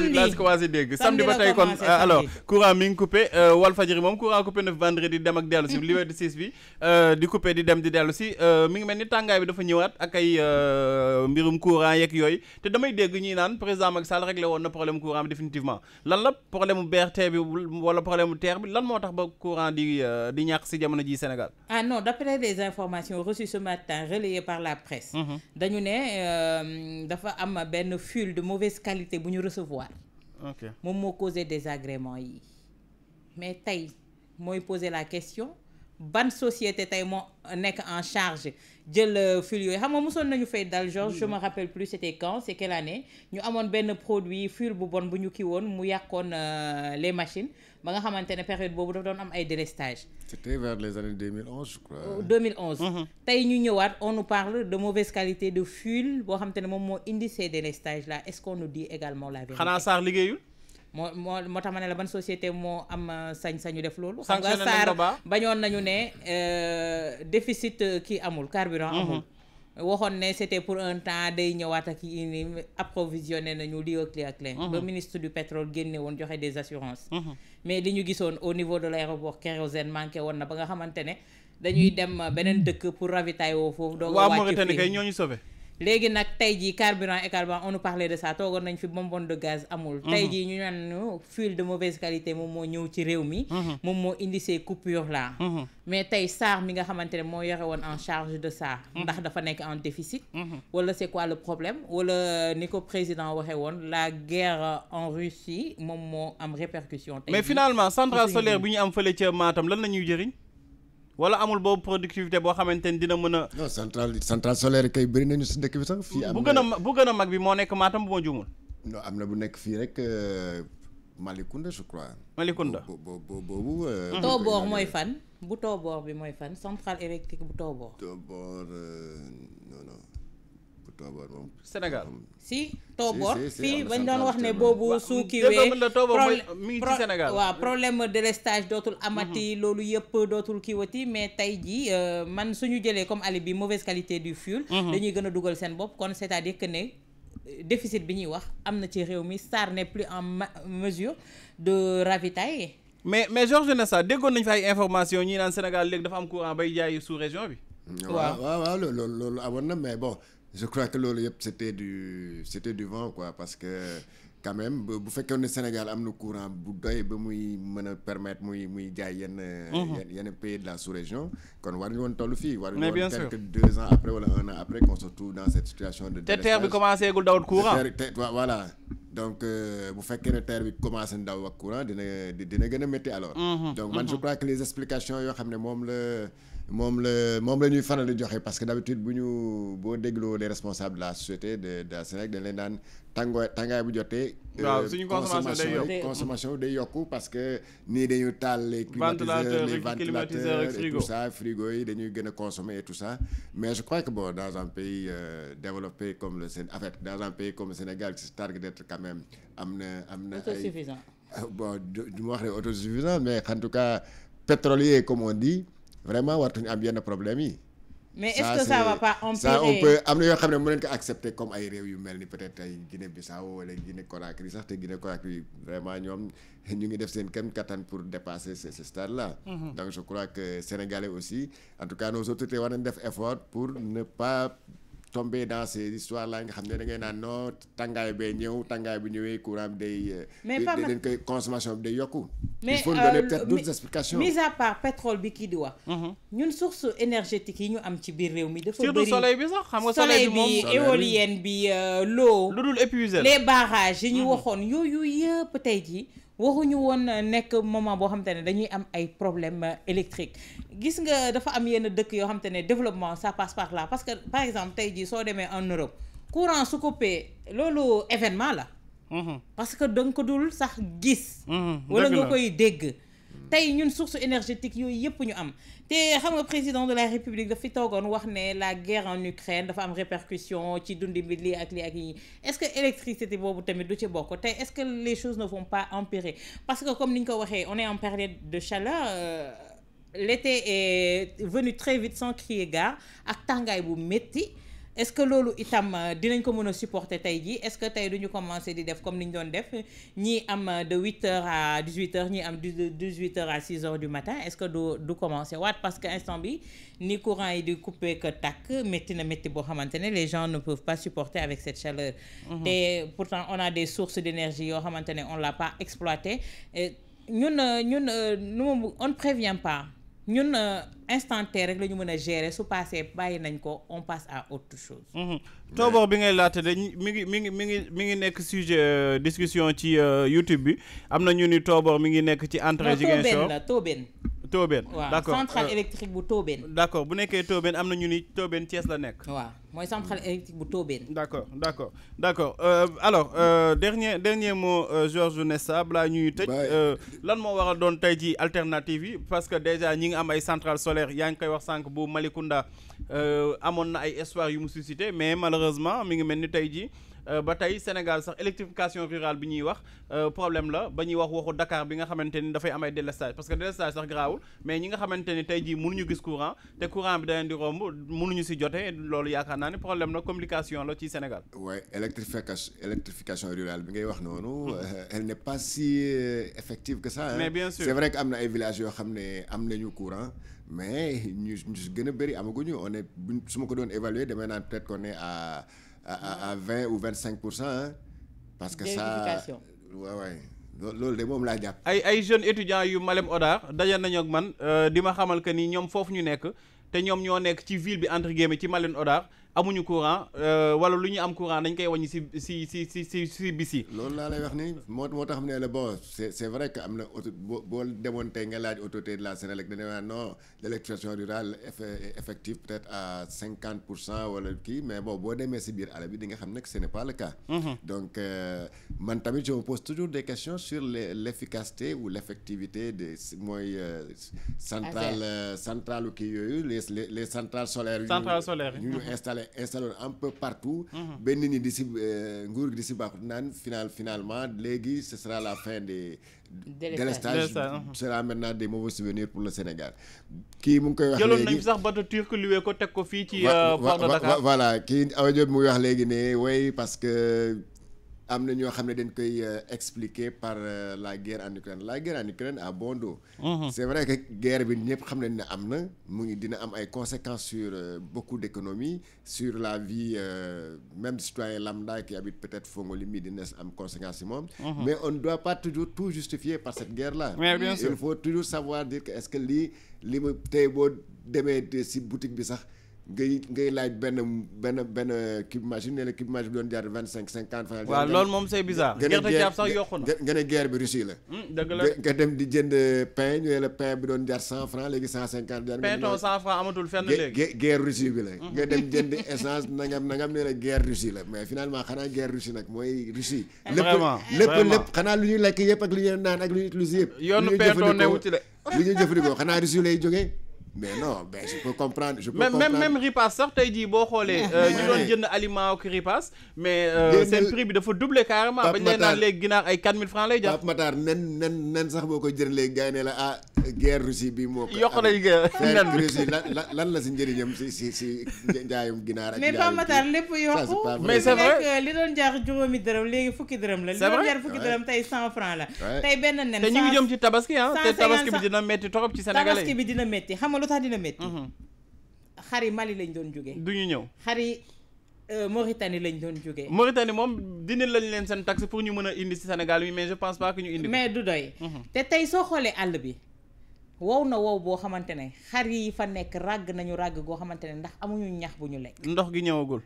laa si commencé dégg samedi ba tey kon euh, alors courant mi ngi coupé euh, Walfadjri moom courant coupé na vendredi dem ak dellu si li bi euh, di coupé di dem di dellu si ngi mel ni tàngaay bi dafa ñëwaat ak ay mbirum courant yeeg yooyu te damay dégg ñuy naan président Macky Sall réglé woon na problème courant bi définitivement lan la problème bu ñu recevoir moom moo causé désagrément yi mais tey mooy pose la question ban société tey moo nekk en charge jël euh, fil yooyu xam nga mosoon nañu fay dal Georges je me rappelle plus c'était quand c'est quelle année ñu amoon benn produit fil bu bon bu ñu kii woon mu yàqoon euh, les machines ba nga xamante ne période boobu dafa doon am ay délestage. c'était vers les années 2011 je crois. 2011. Euh, mm-hmm. tey ñu ñëwaat on nous parle de mauvaise qualité de fuel boo xamante ne moom moo indi ces délestages là est-ce qu'on nous dit également la vérité. xanaa Sarr liggéeyul. moo moo tax ma ne la ban société moo am euh, sañ-sañu def loolu. xam nga Sarr bañoon nañu ne euh, déficit kii amul carburant mm-hmm. amul. waxoon ne c'était pour un temps day ñëwaat ak yi ni approvisionné nañu lii ak lii ak leen mhm. ba ministre du pétrole génne woon joxe des assurances mhm. mais li ñu gisoon au niveau de l'aéroport kérosène manqué woon na ba nga xamante ne dañuy dem beneen dëkk pour ravitailler woo foofu doog a wàcc fii waa Mauritanie kay ñoo ñu sauvé léegi nag tey jii carburant également on nous parlait de ça toogoon nañ fi bonbonne de gaz amul mm-hmm. tey jii ñu naan fuel de mauvaise qualité moom moo ñëw ci réew mi mm-hmm. moom moo indi ces coupures là mm-hmm. mais tey SAR mi nga xamante ne moo yore woon en charge de ça ndax dafa nekk en déficit wala c'est quoi le problème wala ni ko président waxee woon la guerre en Russie moom moo am répercussion tey mais finalement centrale solaire bi ñu am fële ca Matam lan la ñuy jëriñ wala amul boobu productivité boo xamante ni dina mën a. non centrale centrale solaire kay bëri nañu si dëkk bi sax. fii am bu gën a bu gën a mag bi moo nekk maatam bu ma juumul. non am na bu nekk fii rek euh, Malicounda je crois. Malicounda bo boobu. Euh, mm-hmm. Tooboor mooy fan bu Tooboor bi mooy fan centrale électrique bu Tooboor. Tooboor euh, tooboor Sénégal si. tooboor fii bañ doon wax ne boobu su kiiwee mi ngi ci Sénégal waaw problème délestage dootul amati. Mhm. loolu yëpp dootul kiiwati mais tey jii euh, man suñu jëlee comme ali bi mauvaise qualité du fuel. Mhm. dañuy gën dugal seen bopp kon c'est-à-dire que ne. Euh, déficit bi ñuy wax am na ci réew mi SAR n'est plus en mesure de ravitailler. mais mais Georges Nessa déggoon nañu fa ay information ñi naan Sénégal léegi dafa am courant bay jaay sous région bi. je crois que loolu yëpp c'était du c'était du vent quoi parce que quand même bu fekkoon ne Sénégal am na courant bu doy ba muy mën a permettre muy muy jaay yenn. Mhm. yenn pays de la sous-région. kon war ñu woon toll fii. war ñu woon deux ans après wala un an après qu'on se trouve dans cette situation de. te terre bi commencé gul dawut courant donc euh, bu fekkee ne terre bi commencé ndaw ak courant dina dina gën a métti alors. Mhm. donc man je mhm. crois que les yoo xam ne moom la. moom la moom la ñuy faral di joxe parce que d'habitude bu ñu boo dégloo les responsables de la société de de la Sénégal leen daan tàngoor tàngaay bu jotee. waaw euh, suñu consommation day yokku parce que nii dañu taal les climatiseurs les ventilateurs et frigo yi dañuy gën a consommer et tout ça mais je crois que bon dans un pays euh, développé comme le Sénégal en fait dans comme Sénégal qui se targue d'être quand même am na am na. autosuffisant ah, bon du ma wax ne autosuffisant mais en tout cas pétrolier vraiment war wartuñu am yenn problème yi. mais est-ce que ça pas empirer am na yoo xam ne mën nañu ko accepter comme ay réew yu mel ni peut-être ay Guinée Bissau wala Guinée Conakry sax te Guinée Conakry vraiment ñoom ñu ngi def seen kem kattan pour dépasser ce ce stade là. Mm-hmm. donc je crois que sénégalais aussi en tout cas nos autorités war nañ def effort pour ne pas. tombé dans ces histoires là nga xam ne da ngay naan non tàngaay bee ñëw tàngaay bi ñëwee courant bi day. Euh, dañ koy consommation bi day yokku. mais il faut nous donner euh, peut-être d'autres mis à part pétrole bi kii di wax. Mhm. ñun source énergétique yi ñu am ci biir réew mi. dafa bëri surtout soleil bi sax xam nga soleil bi moom éolienne bi euh, loo lu dul épuisé les barrages yi ñu mhm. waxoon yooyu yëpp tey jii. waxuñu woon nekk moment boo xamante ne dañuy am ay problème euh, électrique gis nga dafa am yenn dëkk yoo xamante ne développement ça passe par la parce que par exemple tey jii soo demee en Europe courant su coupé loolu événement la. Mm-hmm. parce que da ko dul sax gis. Mm-hmm. wala nga koy dégg. tey ñun source énergétique yooyu yëpp ñu am te xam nga président de la république dafi toogoon wax ne la guerre en Ukraine dafa am répercussion ci dundi bi lii ak lii ak yi est-ce que électricité boobu tamit du ci bokk tey est-ce que les choses ne vont pas empirer parce que comme ni ñu ko waxee on est en période de chaleur euh, l'été est venu très vite sans crier gare ak tàngaay bu métti est-ce que loolu itam euh, dinañ ko mën a supporter tey jii est-ce que tey ñu commencer di def comme ni ñu doon def ñii am euh, de huit heures à dix-huit heures ñii am de huit heures à six heures du matin est-ce que du du commencer waat parce que instant bi ni courant yi di couper que tàkk métti na métti boo xamante ne les gens ne peuvent pas supporter avec cette chaleur mhm. te pourtant on a des sources d'énergie yoo xamante ne on l'a pas exploité ñun euh, ñun nu ma on ne prévient pas ñun euh, instant T rek lañu ñu mën a gérer su passé bàyyi nañ ko on passe à autre chose. Mhm. tooboor bi ngay laata de mi ngi mi ngi mi ngi mi ngi nekk sujet euh, discussion ci euh, YouTube bi am na ñu ni tooboor mi ngi nekk ci. entre Ziguinchor non tooben la Tóobén d' accord centrale euh, électrique bu Tóobén d' accord bu nekkee Tóobén am na ñu ni Tóobén Thiès la nekk waa mooy centrale électrique bu Tóobén d' accord d' accord d' accord euh, alors euh, dernier dernier mot Georges Nessa balaa ñuy tëj lan moo war doon tey ji alternative yi parce que déjà ñi ngi am ay centrale solaire yaa ngi koy wax sànq bu Malicounda amoon na ay espoir yu mu suscité mais malheureusement mi ngi mel ni tey ji Euh, ba tey Sénégal sax électrification rurale bi ñuy wax euh, problème la ba ñuy wax waxu dakaar bi nga xamante ni dafay am ay parce que délestage sax garaawul mais ñi nga xamante ni tey jii mënuñu gis courant te courant bi daleen di romb mënuñu si jote loolu yaakaar naa ne problème la complication la ci Sénégal. waaye électrification électrification rurale bi ngay wax noonu. Hmm. Euh, elle n'est pas si effective que ça. mais bien sûr c'est vrai que am na ay villages yoo xam ne am nañu courant. mais ñu gën a bëri amaguñu on est su ma ko doon évaluer demee naan peut-être qu'on à à vingt ou vingt cinq pour cent parce que ça waaw waay loolu de moom laa jàpp. ay ay jeunes étudiants yu Malem Odar daje nañu ak man euh, di ma xamal que ni ñoom foofu ñu nekk te ñoom ñoo nekk ci ville bi entre guillemets ci Malem Odar amuñu courant euh, wala lu ñu am courant dañ koy wàññi si si si si si bis yi. loolu laa lay wax ni moo moo tax ne la bon c'est c'est vrai que am na auto boo boo demoon tey nga laaj autorité de la Sénélec dañu naan non l'électrification rurale effective peut-être à cinquante pour cent wala kii mais bon boo demee si biir àll bi di nga xam ne que ce n'est le cas. Mhm. donc euh, man tamit je me toujours des questions sur les l'efficacité ou l'effectivité des mooy. Euh, centrale centrale kii yooyu les les centrales solaires. centrales solaires pare installé un peu partout. Mhm. benn nit ñi di si euh, nguur di si baaxut naan finalement léegi ce sera la fin des. délestage mhm. sera maintenant des mauvais souvenirs pour le Sénégal. kii mu ngi koy wax léegi jëloon nañu sax bateau turc luwe ko teg ko fii ci. Euh, port de Dakar am na ñoo xam ne dañ koy euh, expliquer par euh, la guerre en Ukraine la guerre en Ukraine a bon dos. Mm-hmm. c'est vrai que guerre bi ñëpp xam nañ ne am na mu ngi dina am ay conséquence sur euh, beaucoup d'économies sur la vie même citoyen lambda qui habite peut-être Fongolimi dina am conséquences si moom. Mm-hmm. mais on ne doit pas toujours tout justifier par cette guerre-là. il faut toujours savoir dire que est que lii li mu tey boo demee si boutique bi sax. ngay ngay laaj benn benn benn kib machine la kib machine bi doon jaar vingt cinq cinquante franc. waaw loolu moom c'est bizarre. gerte jaab sax yokku na nga ne guerre bi Russie la. Hmm, dëgg la nga dem di jënd pain ñu ne la pain bi doon jaar cent franc léegi cent cinquante. jaar bi hmm. nga dem jënd essence nangam nangam ne la guerre Russie la mais finalement xanaa guerre Russie nag mooy Russie. vraiment lépp lépp xanaa lu ñuy lekk yëpp ak lu ñuy naan ak lu ñuy utiliser yëpp. la lu jëfandikoo xanaa Russie lay jógee mais non mais je peux comprendre je peux même comprendre. ripaas sax tey jii boo xoolee. Euh, ñu doon jënd aliment ak ripaas. mais euh, seen prix bi dafa doublé carrément. bañ leen naan léegi ginaar ay 4000 francs lay jàpp. Pape Matar nen boo ko jëlee léegi gars la ah, bi moo ko. yokk nañ nen bi lan la si njëriñam si si si njaayum ginaar. a mais Pape Matar lépp yokku mais euh, li doon jaar juróomi dërëm léegi fukki dërëm la. li doon jaar fukki dërëm tey 100 francs la. tey benn nen. te ñu ngi jëm ci tabaski ah te tabaski bi dina metti torop ci sénégalais tabaski bi dina metti xamal lu dina métti mhm. xar yi Mali lañ doon jógee du ñu ñëw xar yi euh, Mauritanie lañ doon jógee Mauritanie moom dina lañ leen seen taxe pour ñu mën a indi si Sénégal mi mais je pense pas que ñu indi mais du doy mhm. te tey soo xoolee àll bi wow na wow boo xamante ne xar yi fa nekk ràgg nañu ràgg goo xamante ne ndax amuñu ñax bu ñu lekk ndox gi ñëwagul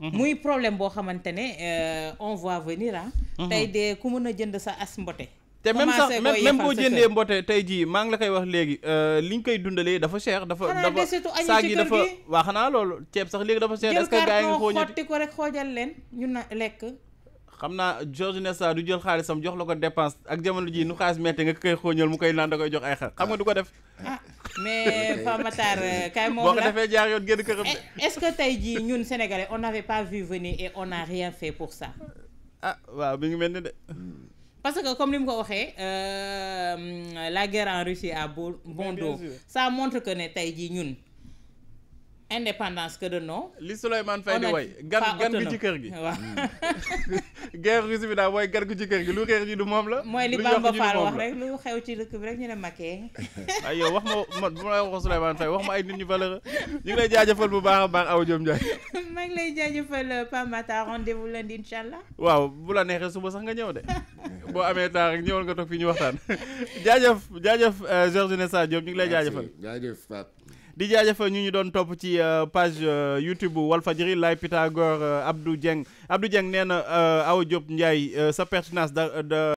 mhm. muy problème boo xamante ne euh, on va venir ah tey de ku mën a jënd sa as mbote te même sax même boo jëndee mboote tey jii maa ngi la koy wax léegi euh, li ñu koy dundalee dafa cher dafa dafa saag yi dafa waa xanaa loolu ceeb sax léegi dafa cher est-ce que gars yi nga xooñati ko rek xoojal leen ñu na lekk xam naa George Nesta du jël xaalisam jox la ko dépense ak jamono jii nu xaalis metti nga koy xooñal mu koy naan koy jox ay xar xam nga du ko def ah, Matar euh, kay moom la boo ko defee jaar yoon génn këram eh, est-ce que tey jii ñun sénégalais on n'avait pas vu venir et on n'a rien fait pour ça ah waaw bi ngi mel ni de hmm. parce que comme ni mu ko waxee euh, la guerre en Russie a bon dos ça montre que ne tey jii ñun indépendance que de nom. li Souleymane Faye di woy gan gu ci kër gi waaw. guerre Russie bi daal mooy gan gu ci kër gi lu réer ji du moom la. mooy li Bamba Fall wax rek lu xew ci dëkk bi rek ñu ne makkee. ay yow wax ma bu ma waxoon Souleymane Faye wax ma ay nit ñu valeureux ñu ngi lay jaajëfal bu baax a baax aw Diop Ndiaye. maa ngi lay jaajëfal Pamata rendez-vous lundi incha allah. waaw bu la neexee suba sax nga ñëw boo amee temps rek ñëwal nga toog fii ñu waxtaan jaajëf jaajëf euh, Georges Nessa Diop ñu ngi lay jaajëfal jaajëf di jaajëfal ñu ñu doon topp ci euh, page euh, YouTube bu Walfadjri Laye Pythagore Abdou Dieng Abdou Dieng nee na Awa Diop Ndiaye sa pertinance da da